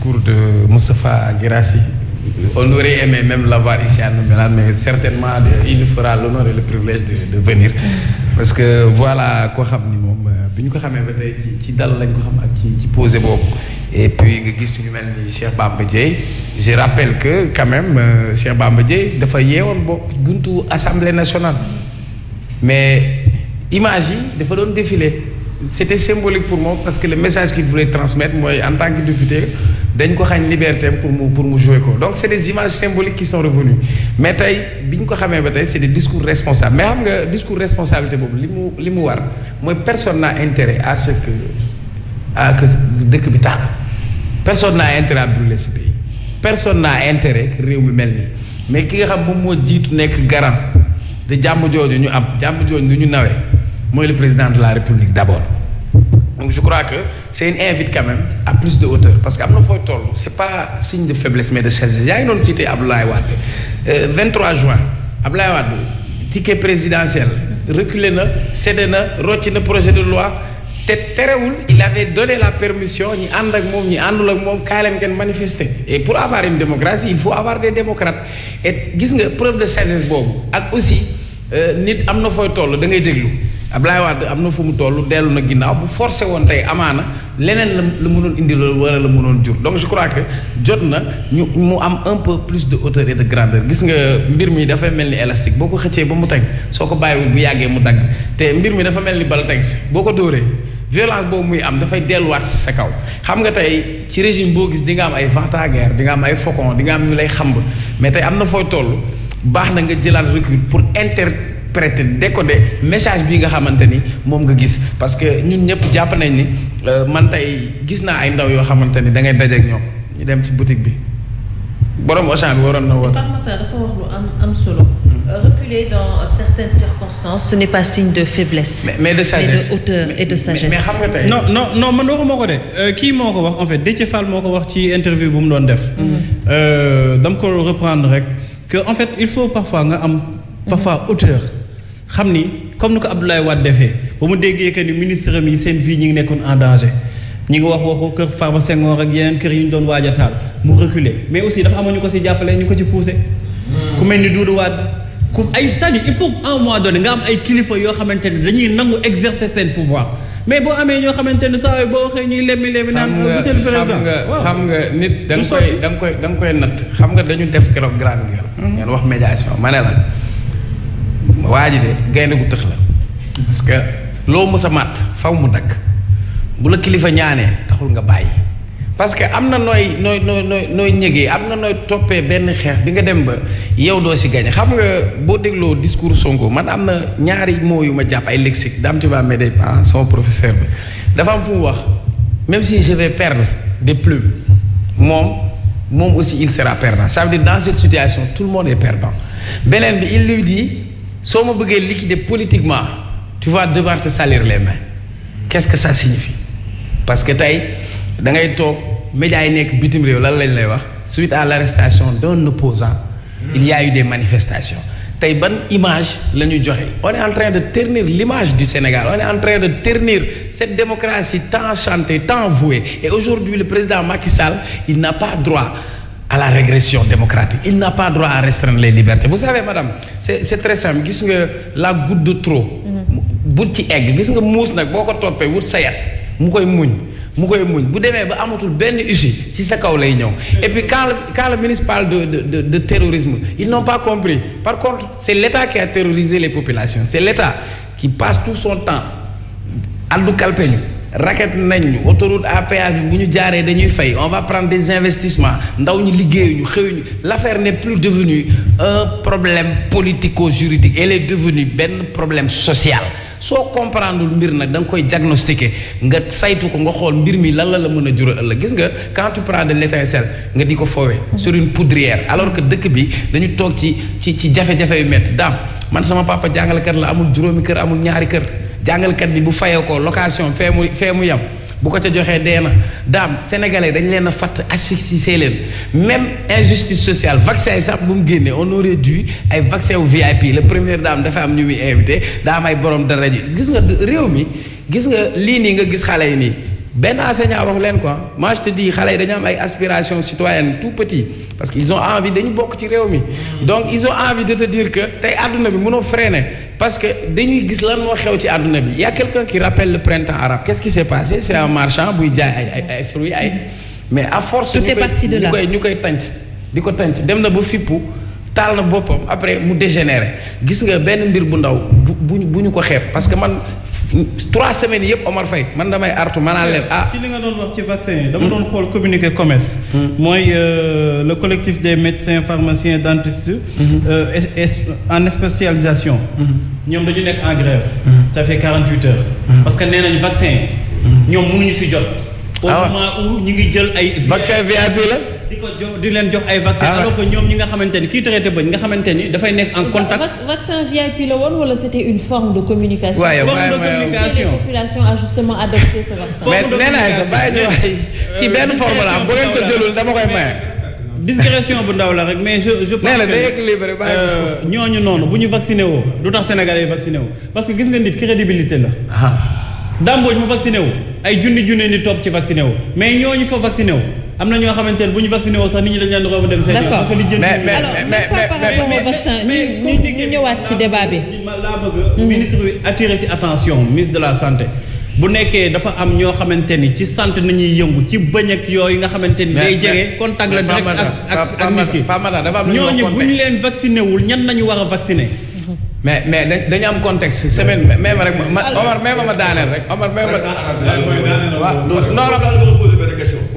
discours de Moustapha Guirassi. On aurait aimé même l'avoir ici à Noumélan, mais certainement il nous fera l'honneur le privilège de, venir. Parce que voilà koo xam ni moom euh, bi ñu ko xamee ba tey ci ci dal lañ ko xam ak ci ci boobu. et puis nga gis ñu mel ni Cheikh Bamba Dièye je rappelle que quand même euh, Bamba Dièye dafa yeewoon bokk buntu assemblée nationale mais image yi dafa doon défilé. c'était symbolique pour moom parce que le message qu'il voulait transmettre mooy en tant que député dañ ko xañ liberté pour mu pour mu jouer ko donc c'est des images symboliques qui sont revenues mais tey bi ñu ko xamee ba tey c'est des discours responsables mais xam nga discours responsabilité boobu li mu li mu war mooy personne n'a intérêt à ce que dëkk bi taal personne n'a intérêt à brûler ce pays personne n'a intérêt réew mi mel nii mais ki nga xam moom moo jiitu nekk garant de jàmm jooju ñu am jàmm jooju du ñu nawee mooy le président de la république d'abord donc je crois que c' est une invite quand même à plus de hauteur parce que am na fooy toll c' est pas signe de faiblesse mais de sagesse yaa ngi doon cité Abdoulaye Wade 23 euh, juin Abdoulaye Wade ticket présidentiel reculer na cédé na rocci na projet de loi te terewul il avait donné la permission ñi ànd ak moom ñi àndul ak moom kaay leen ngeen manifester et pour avoir une démocratie il faut avoir des démocrates et gis nga preuve de sagesse boobu ak aussi euh, nit am na fooy toll da ngay déglu Ablaye Wade am na fu mu toll dellu na ginnaaw bu forcé woon tey amaana leneen la la mënoon indi loolu wala la mënoon jur donc je crois que jot na ñu mu am un peu plus de hauteur et de grandeur gis nga mbir mi dafay mel ni élastique boo ko xëccee ba mu teg soo ko bàyyiwul bu yàggee mu dagg te mbir mi dafa mel ni bala teg boo ko dóoree violence boobu muy am dafay delluwaat si sa kaw xam nga tey ci régime boo gis di nga am ay vantagère di nga am ay faucon di am ñu lay xamb mais tey am na fooy toll baax na nga jëlaat recul pour inter prêter décoder message bi nga xamante ni moom nga gis parce que ñun ñëpp jàpp nañ ni euh, man tey gis naa ay ndaw yoo xamante ni da ngay dajeek ñoom ñu dem ci boutique bi borom Auchan waroon na woote. dafa wax lu am am solo. Hmm. de faiblesse. mais, mais de sagesse mais de hauteur mais xam nga tey non non man waxuma ko de euh, kii moo ko wax en fait Déthié Fall moo ko wax ci interview bu mu doon def. Hmm. Euh, dam ko reprendre rek que en fait il faut parfois nga am. parfois hauteur. xam ni comme ni ko Abdoulaye Wade defee ba mu déggee que ni ministre am yi seen vie ñi ngi nekkoon en ñi ngi wax waxu kër Farba Senghor ak yeneen kër yi ñu doon waaj a taal mu reculer mais aussi dafa amoon ko si jàppale ñu ko ci poussé. ku mel ni Doudou waat ku ay c'est-à-dire il faut à un moment donné nga am ay kilifa yoo xamante ne dañuy nangu exercer seen pouvoir mais boo amee ñoo xamante ne saa boo waxee ñuy lemmi lemmi naan monsieur seen président waaw xam nga nit koy da koy da xam nga dañu def keroog grande guerre. Mm-hmm. wax médiation ma ne la. waa ji de gaynde gu tëx la parce que loo mës a faw mu dakk bu la kilifa ñaanee taxul nga bàyyi parce que am na nooy nooy nooy nooy nooy ñëgee am na nooy toppee benn xeex bi nga dem ba yow doo si gañe xam nga boo dégloo discours Sonko man am na ñaari moo yu ma jàpp ay lexique daam ci baa mais day ah sama professeur bi dafa am fu mu wax même si je vais perdre des plumes moom moom aussi il sera perdant ça veut dans cette situation tout le monde est perdant beneen bi il lui dit soo ma bëggee liquider politiquement tu vas devoir te salir les mains quest que ça signifie parce que tey da ngay toog médias yi nekk bitim réew lan lañ lay wax suite à l'arrestation d'un opposant il y a eu des manifestations tey ban image la ñu joxe on est en de ternir l'image du Sénégal on est en train de ternir cette démocratie tant chantée temps vouée et aujourd'hui le président Macky Sall il n'a pas droit à la régression démocratique il n'a pas droit à restreindre les libertés vous savez madame c'est c'est très simple gis nga la goutte de trop mm-hmm. bu ci egg gis nga muus nag boo ko toppee wut sayat mu koy muñ mu koy muñ bu demee ba amatul benn issue si sa kaw lay ñëw et puis quand le, quand le ministre parle de, de de de terrorisme ils n'ont pas compris par contre c'est l'État qui a terrorisé les populations c'est l'État qui passe tout son temps addu kalpeñu raket nañ autoroute à péage bi bu ñu jaaree dañuy fay on va prendre des investissements ndaw ñi liggéeyuñu xëyuñu l'affaire n'est plus devenue un problème politico-juridique elle est devenue benn problème social soo comprendre mbir nag da nga koy diagnostiquer nga saytu ko nga xool mbir mi lan la la mën a jural ëllëg gis nga quand tu de l'étincelle nga di ko fowe sur une alors que dëkk bi dañu toog ci ci ci jafe-jafe yu métti daam man sama papa jàngalekat la amul juróomi kër amul ñaari kër jàngalekat bi bu fayee ko location fee mu fee mu yem bu ko ca joxee dee na daam sénégalais dañ leen a fatt asphyxier leen même injustice sociale vaccin yi sax bu mu génnee on aurait dû ay vaccin wu VIP la première daam dafa am ñu muy invité daam ay borom dara ji gis nga réew mi gis nga lii nii nga gis xale yi nii. benn enseignant wax leen quoi moi je te xale yi dañu am ay aspirations citoyennes tout petit parce que ils ont envie dañu bokk ci réew mi donc ils ont envie de te dire que tey àdduna bi mënoo freiner parce que dañuy gis lan moo xew ci àdduna bi y a quelqu'un qui rappelle le printemps arabe qu'est-ce qui s'est passé c'est un marchand buy jaay ay ay ay fruits ay mais à force ñu koy ñu koy tànc di ko tànc dem na ba fippu taal na boppam après mu dégénéré gis nga benn mbir bu ndaw bu bu ñu ko xeeb parce que man trois semaine yëpp Omar Faye man damay artu manaa leen ah. ci li nga doon wax ci vaccin yi. dama doon xool communiqué commerce. Hmm. mooy euh, le collectif des médecins pharmaciens dentistes. Hmm. Euh, en spécialisation. Hmm. ñoom dañu nekk en grève. ça fait quarante huit parce que nee nañu vaccin yi. ñoom mënuñu si jot. Ah au moment où ñu ngi jël ay. vaccin VIP la. ko di leen jox ay vaccin ah alors que ñoom ñi nga xamante ni kii traité bañ nga xamante ni dafay nekk en contact. vaccin VIP la woon wala c'était une forme de communication. Ouais, forme ouais, de communication la forme de communication mais nee naa bàyyi ci euh, benn forme la bu ngeen ko jëlul dama koy maye. discrétion bu ndaw la rek mais je je pense que euh, ñooñu noonu bu ñu vacciné woo du tax sénégalais yi vacciné woo parce que gis nga nit crédibilité la. Ah. dàmbooj mu vacciné wu ay junni junni ni topp ci vacciné wu mais ñooñu fa vacciné wu. am na ñoo xamante ne bu ñu vacciné woo sax nit ñi dañ leen di roba dem seen yoon. parce que li jënd mais mais mais ma laa mm-hmm. attention ministre de la santé. bu nekkee dafa am ñoo xamante ni ci santé nañuy yëngu ci bëñ ak yooyu nga xamante ni day jege contact la direct ak ak nit ki ñooñu bu ñu leen vacciné wul ñan nañu war a vacciné mm-hmm. mais mais dañu am contexte semaine même rek ma Omar même ma daaneel rek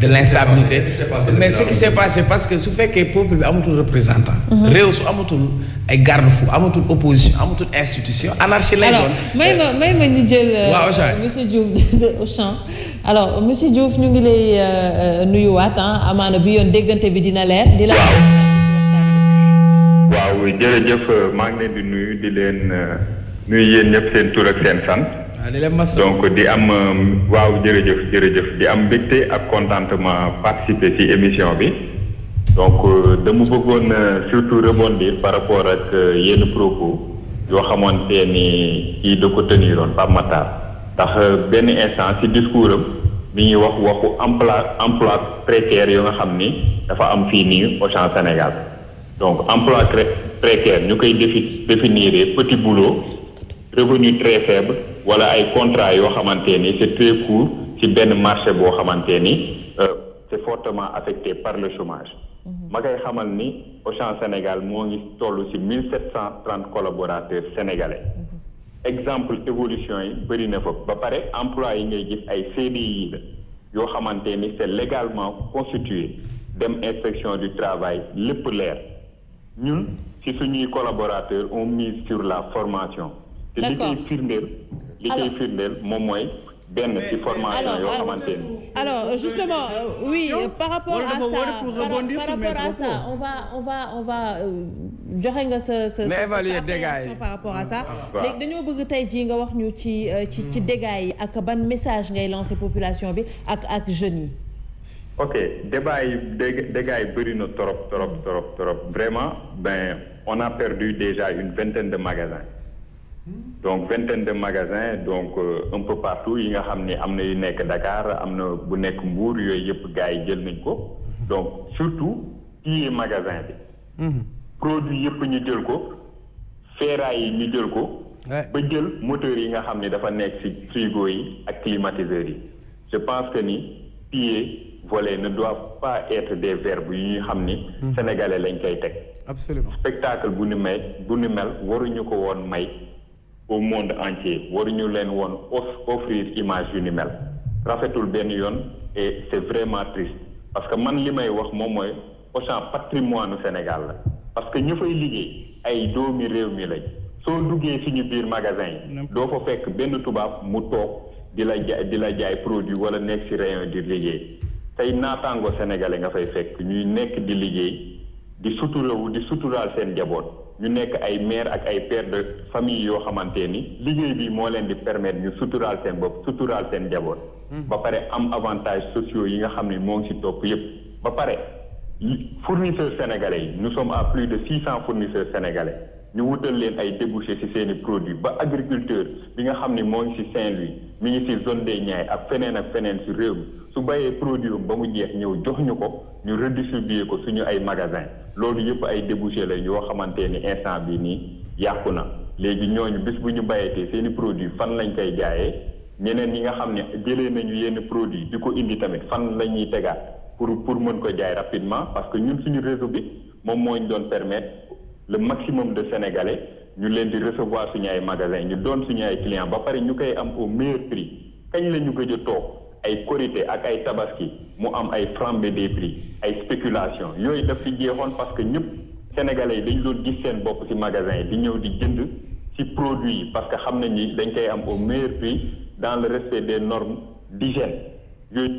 de l'instabilité mais ce qui s'est passé parce que su fekkee peuple bi amatul représentant mhm. réew su amatul ay garde-fou amatul opposition amatul institution anarchie lay doon may ma may ma jël euh, monsieur Diouf de Auchan alors monsieur Diouf ñu ngi lay euh, euh, nuyuwaat bi yoon déggante bi dina leer di la waaw jërëjëf maa ngi leen di nuyu di leen nuyu yéen ñëpp seen tur ak seen san donc di am euh, waaw jërëjëf jërëjëf di am mbégte ak contentement participer ci émission bi donc euh, dama bëggoon euh, surtout rebondir par rapport ak yenn propos yoo xamante ni kii da ko teniroon Pape Matar ndax benn instance ci discours am mi ngi wax waxu emploi emploi précaire yoo nga xam ni dafa am fii nii Auchan Sénégal donc emploi précaire ñu koy défi définir petit boulot revenu très wala ay contrat yoo xamante ni c'est très court ci benn marché boo xamante ni euh, c'est fortement affecté par le chômage mhm. ma koy xamal ni Auchan Sénégal moo ngi toll ci mille sept cent trante collaborateurs sénégalais mhm. exemple évolution yi bëri na fa ba pare emploi yi ngay gis ay CDI la yoo xamante ni c'est légalement constitué dem inspection du travail lépp leer ñun ci suñuy collaborateurs on mise sur la formation te li koy firndeel moom mooy benn ci formation yoo xamante ni alors justement euh, oui par rapport à rapport à ça on va on va on va euh, joxe nga sa sa sa appréhension par rapport à ça ah, léegi dañoo bëgg tey jii nga wax ñu ci euh, ci ci hmm. dégâts yi ak ban message ngay lancer population bi ak ak jeunes yi ok débat yi dégâts yi bëri na trop trop trop trop vraiment ben on a perdu déjà une vingtaine de magasins donc vingtaine de magasins donc euh, un peu partout yi nga xam ni am na yu nekk Dakar am na bu nekk Mbour yooyu yëpp gars yi jël nañ ko donc surtout ci magasin bi mhm. produit yëpp ñu jël ko ferraille yi ñu jël ko ba jël moteur yi nga xam ni dafa nekk ci frigo yi ak climatiseurs yi je pense que ni piller voler ne doit pas être de verbes yu ñu xam ni mhm. sénégalais lañ koy teg absolument spectacle bu ni may bu ni mel waruñu ko woon may au monde entier waruñu leen woon offrir image yu ni mel rafetul benn yoon et c'est vraiment triste parce que man li may wax moom mooy Auchan patrimoine u Sénégal la parce que ñu fay liggéey ay doomi réew mi lañ soo duggee ñu biir magasin yi doo fa fekk benn tubaab mu toog di la jaay di la jaay produit wala nekk ci rayon di liggéey tey naataango sénégalais nga fay fekk ñuy nekk di liggéey di suturawu di suturaal seen njaboot ñu nekk ay maire ak ay père de famille yoo xamante ni liggéey bii moo leen di permettre ñu suturaal seen bopp suturaal seen jaboot hmm. ba pare am avantage sociaux yi nga xam ni moo ngi ci topp yépp ba pare fournisseurs sénégalais yi ñu sommes à plus de six cents fournisseurs sénégalais ñu wutal leen ay débouché ci seeni produits ba agriculteur bi nga xam ni moo ngi ci Saint-Louis mi ngi ci zone des Niayes ak feneen ak feneen ci réew mi su bayee produit ba mu jeex ñëw jox ñu ko ñu redistribuer ko suñu ay magasin loolu yëpp ay débouché la yoo xamante ni instant bi nii yàqu na léegi ñooñu bis bu ñu bayatee seen i produit fan lañ koy jaayee ñeneen ñi nga xam ne jëlee nañu yenn produit di ko indi tamit fan la ñuy tegaat pour pour mën ko jaay rapidement parce que ñun suñu réseau bi moom moo ñu doon permettre le maximum de sénégalais ñu leen di recevoir suñu ay magasin ñu doon suñu ay ba pare ñu koy am au meilleur prix kañ la ñu gëj a toog ay korité ak ay tabaski mu am ay flambée des prix ay spéculation yooyu daf fi jeexoon parce que ñëpp sénégalais yi dañ doon gis seen bopp ci magasin yi di ñëw di jënd ci produit yi parce que xam nañ ni dañ koy am au meilleur prix dans le respect des normes d'hygiène yooyu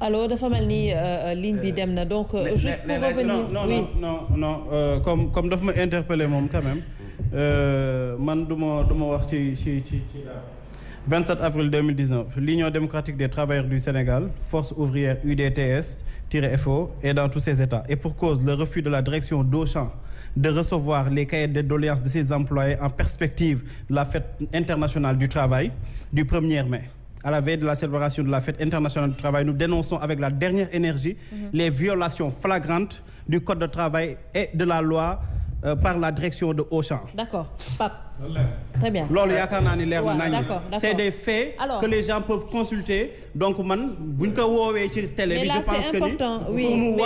allo dafa mel ni euh, euh, ligne bi dem na donc. Euh, juste pour revenir non non non comme comme dafa ma interpellé moom quand même man du ma wax ci ci ci ci. 27 avril 2019 l'Union démocratique des travailleurs du Sénégal force ouvrière UDTS-FO est dans tous ses états et pour cause le refus de la direction d'Auchan de recevoir les cahiers de doléances de ses employés en perspective de la internationale du travail du 1er mai à la veille de la célébration de la fête internationale du travail nous dénonçons avec la dernière énergie mmh. les violations et de la loi euh, par la direction de Auchan. D'accord. Pape. très bien loolu yaakaar naa ni leer na nañu c'est des faits que les gens peuvent consulter donc man buñ ko woowee ci télé bi je pense que ni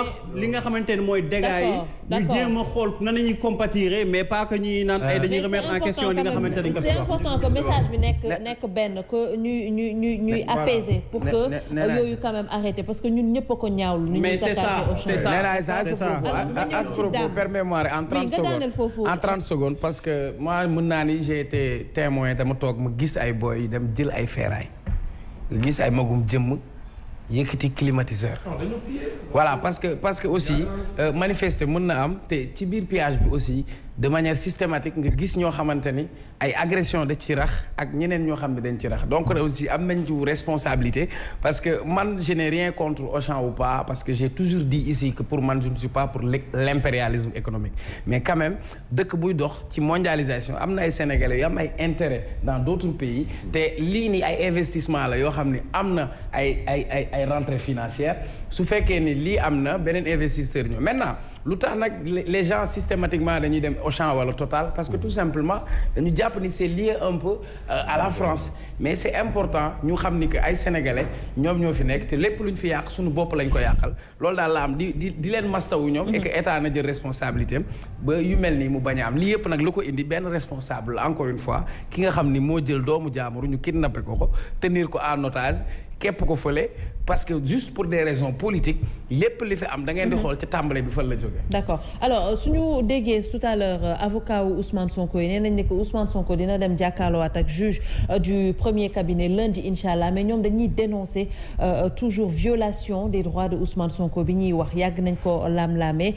li nga xamante ne mooy dégâts yi ñu jéem a xool na nañuy compatiré mais pas que ñuy naan ay dañuy remettre en question li nga xamante ne c'est important que message bi nekk nekk benn que ñuy ñuy ñuy apaiser pour que yooyu quand même parce que ñun ñëpp a ko ñaawlu ni mais c'est ça c'est ça à ce propos permets-moi en 30 secondes en naan yi j'ai été dama toog ma gis ay booy yu dem jël ay feeraay nga gis ay magum jëmm yëkkati climatiseur voilà parce que parce que aussi euh, manifester mën na am te ci biir piège bi aussi de manière systématique nga gis ñoo xamante ni ay agression da ci rax ak ñeneen ñoo xam ne dañ ci rax donc aussi am nañ ci responsabilité parce que man je n'ai rien contre Auchan ou pas parce que j'ai toujours di ici pour man je ne suis pas pour l'impérialisme économique mais quand dëkk buy dox ci mondialisation am na ay sénégalais yu am ay intérêt dans d'autres pays te lii nii ay investissement la yoo xam ni am na ay ay ay ay rentrée financière su fekkee ni lii am na beneen investisseur ñoo maintenant lu tax nag les gens systématiquement dañuy dem Auchan wala Total parce que tout simplement dañu jàpp ni c'est lié un peu euh, à la France mais c'est important ñu xam ni que ay sénégalais ñoom ñoo fi nekk te lépp lu ñu fi yàq suñu bopp lañ ko yàqal loolu daal la am di di di leen mastawu ñoom mm-hmm. et que état na jël responsabilité ba yu mel nii mu bañ a am lii yëpp nag lu ko indi benn responsable encore une fois ki nga xam ni moo jël doomu jaamuru ñu kidnappé ko ko képp ko fële parce que juste pour des raisons politiques lépp li fi am da ngeen di mhm. xool ci tàmbale bi fan la jógee. d' accord alors euh, suñu déggee tout à l'heure euh, avocat wu Ousmane Sonko yi nee nañ ne ko Ousmane Sonko dina dem jàkkaarloowaat ak juge euh, du premier cabinet lundi incha allah mais ñoom dañuy dénoncer toujours violation des droits de Ousmane Sonko bi ñuy wax yàgg nañ ko laam-laamee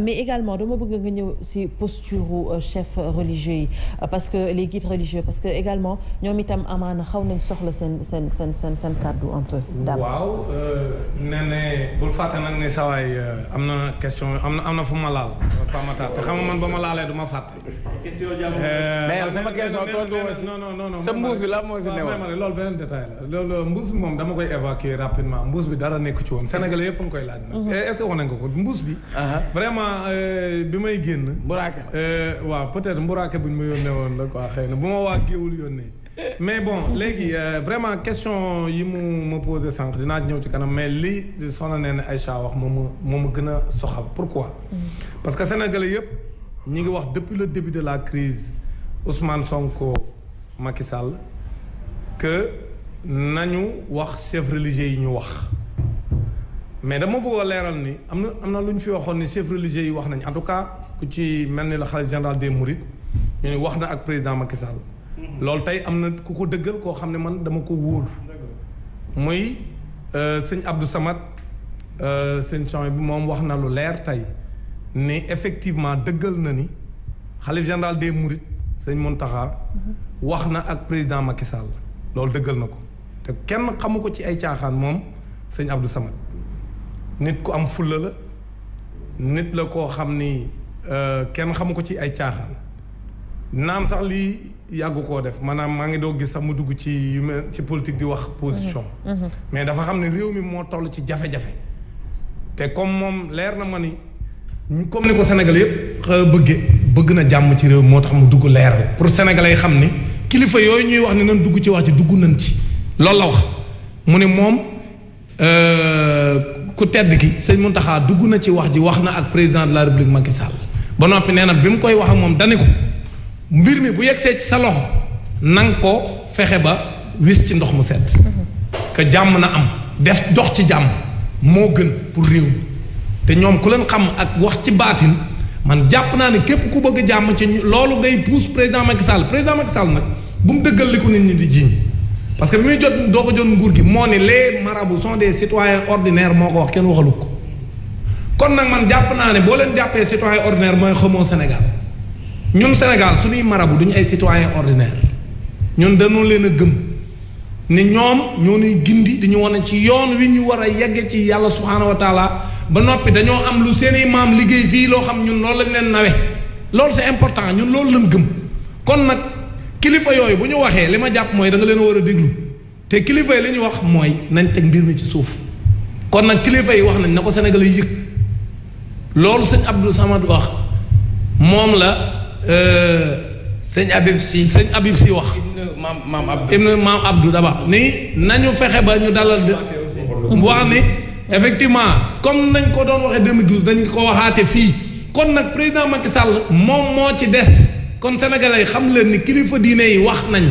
mais également ma bëgg nga ñëw si posture chef religieux yi parce que les guides religieux parce que également ñoom itam amaana xaw nañ soxla seen seen seen seen seen kàddu un peu. waaw euh, nee na bul fàtte nag ne sawaay euh, am na question am na am na fu ma laal. Paa Matar te xam nga man ba ma laalee du ma fàtte. question euh, mais sama question tontu non mbuus bi la moo si newoon loolu beneen détail la loolu mbuus bi moom dama koy évacuer rapidement mbuus bi dara nekk ci woon Sénégalais yëpp a koy laaj. Mhm. Eh, est-ce que wane nga ko mbuus bi. vraiment bi may génn. mburaake waaw peut-être mburaake buñ ma yónnee woon la quoi xëy na bu ma waa géewul yónnee. mais bon léegi euh, vraiment question yi mu ma posé sànq dinaa ñëw ci kanam mais lii soxna neen Aïcha wax moom moom ma gën a soxal pourquoi. Mm. parce que sénégalais yëpp ñi ngi wax depuis le début de la crise Ousmane Sonko Macky Sall que nañu wax chef religieux yi ñu wax. mais dama bëgg leeral ni am na am na lu ñu fi waxoon ni chef religieux yi wax nañ en tout cas ku ci mel ni la xalifa général des Mourides ñu ne wax na ak président Macky Sall. loolu tey am na ku ko dëggal koo xam ne man dama ko wóolu muy euh, sëñ Abdou Samad euh, sëñ Chamé bi moom wax na lu leer tey ni effectivement dëggal na ni xalif général des Mourides sëñ Mountakha wax na ak président Macky Sall loolu dëggal na ko te kenn xamu ko ci ay caaxaan moom sëñ Abdou Samad nit ku am fulla la nit la koo xam ni euh, kenn xamu ko ci ay caaxaan naam sax lii yàggu koo def maanaam maa ngi doo gis sax mu dugg ci yu mel ci politique di wax position mhm. Mhm. mais dafa xam ne réew mi moo toll ci jafe-jafe te comme moom leer na ma ni comme ni ko Sénégal yëpp bëgge bëgg na jàmm ci réew moo tax mu dugg leeral pour sénégalais yi xam ni kilifa yooyu ñuy wax ni nan dugg ci wax ci dugg nañ ci loolu la wax mu ne moom euh, ku tedd ki sëñ taxaa dugg na ci wax ji wax na ak président de la république Macky Sall ba noppi nee na bi mu koy wax ak moom dani ko mbir mi bu yegsee ci sa loxo na ko fexe ba wis ci ndox mu set que jàmm na am def dox ci jàmm moo gën pour réew mi te ñoom ku leen xam ak wax ci baatin man jàpp naa ne képp ku bëgg jàmm ci loolu ngay pousse président Macky Sall président Macky Sall nag bu mu dëggal li ko nit ñi di jiiñ parce que bi muy jot doo ko jot nguur gi moo ne les marabouts sont des citoyens ordinaires moo ko wax kenn waxalu ko kon nag man jàpp naa ne boo leen jàppee citoyen ordinaire mooy xamoo Sénégal ñun su suñuy marabu duñu ay citoyen ordinaire ñun dañoo leen a gëm ni ñoom ñoo nuy gindi di ñu wane ci yoon wi ñu war a yegge ci yàlla subhaanahu wa ba noppi dañoo am lu seeni maam liggéey fii loo xam ñun loolu lañ leen nawe loolu c'est important ñun loolu leen gëm kon nag kilifa yooyu bu ñu waxee li ma jàpp mooy da nga leen a war a déglu te kilifa yi li ñu wax mooy nañ teg mbir mi ci suuf kon nag kilifa yi wax nañ na ko Sénégal yi yëg loolu sëñ Euh, sëñ Habib si sëñ Habib si wax. maam maam Abdou ibnu maam Abdou Daba ni nañu fexe ba ñu dalal. wax ni effectivement kon nañ ko doon waxee 2012 dañ ko waxaate fii kon nag président Macky sàll moom moo ci des kon sénégalais yi xam leen ni kilifa diine yi wax nañ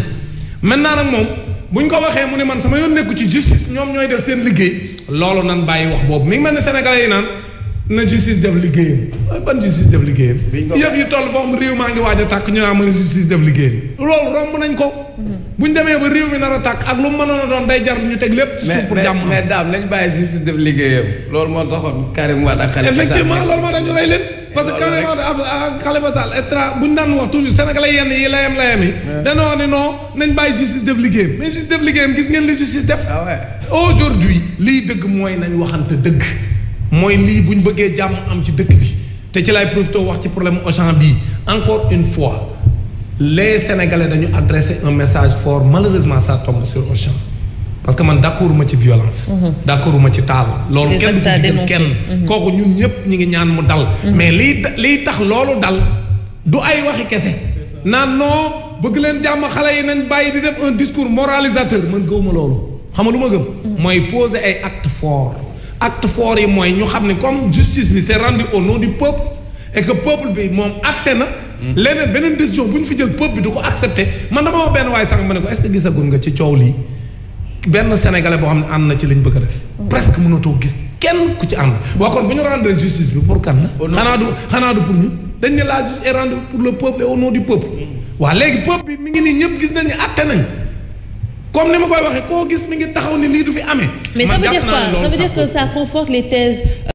maintenant nag moom bu ñu ko waxee mu ne man sama yoon nekku ci justice ñoom ñooy def seen liggéey loolu nan bàyyi wax boobu mi ngi mel ne sénégalais yi naan na justice def liggéeyam. ban justice def liggéeyam. a loolu romb nañ ko. buñ demee ba réew mi nar a tàkk ak lu mu mënoon a doon day jar ñu teg lépp. ci suuf pour jàmm mais mais Karim Wade ak rey leen. parce que Karim Wade ak Khalifa Sall extra buñ daan wax toujours sénégalais yenn yi layam layam yi. dañoo wax ne non nañ bàyyi justice def liggéeyam mais justice def liggéeyam gis ngeen li justice def. Ah aujourd'hui liy dëgg mooy nañ waxante dëgg mooy lii buñ bëggee jàmm am ci dëkk bi te ci laay profité wax ci problème Auchan bii encore une fois les sénégalais dañu adressé un message fort malheureusement ça tombe sur Auchan parce que man d'accord ma ci violence mhm. d'accord ma ci taal loolu kenn du digal kenn mhm. kooku ñun ñëpp ñu ngi ñaan mu dal mhm. mais liy liy tax loolu dal du ay waxi kese naan non bëgg leen jàmm xale yi nañ bàyyi di def un discours moralisateur man gëwuma loolu xam nga lu ma gëm mooy poser ay actes forts acte fort yi mooy ñu xam ne comme justice bi c'est rendu au nom du peuple et que peuple bi moom acté na. leneen beneen décision bu ñu fi jël peuple bi du ko accepté man dama wax benn waaye sax ma ne ko est-ce nga ci coow lii benn sénégalais boo xam ne ànd na ci liñ bëgg a def. presque mënatoo gis kenn ku ci ànd. waa kon bu ñu rendre justice bi pour kan la. xanaa du xanaa du pour ñu dañ ne la justice est rendue pour le peuple et au nom du peuple. Mm. waa léegi peuple bi mi ngi nii ñëpp gis nañu ne acté nañ comme ni ma koy waxee koo gis mi ngi taxaw ni lii du fi amee. mais ça veut dire quoi ça veut dire que ça conforte les thèses. Euh,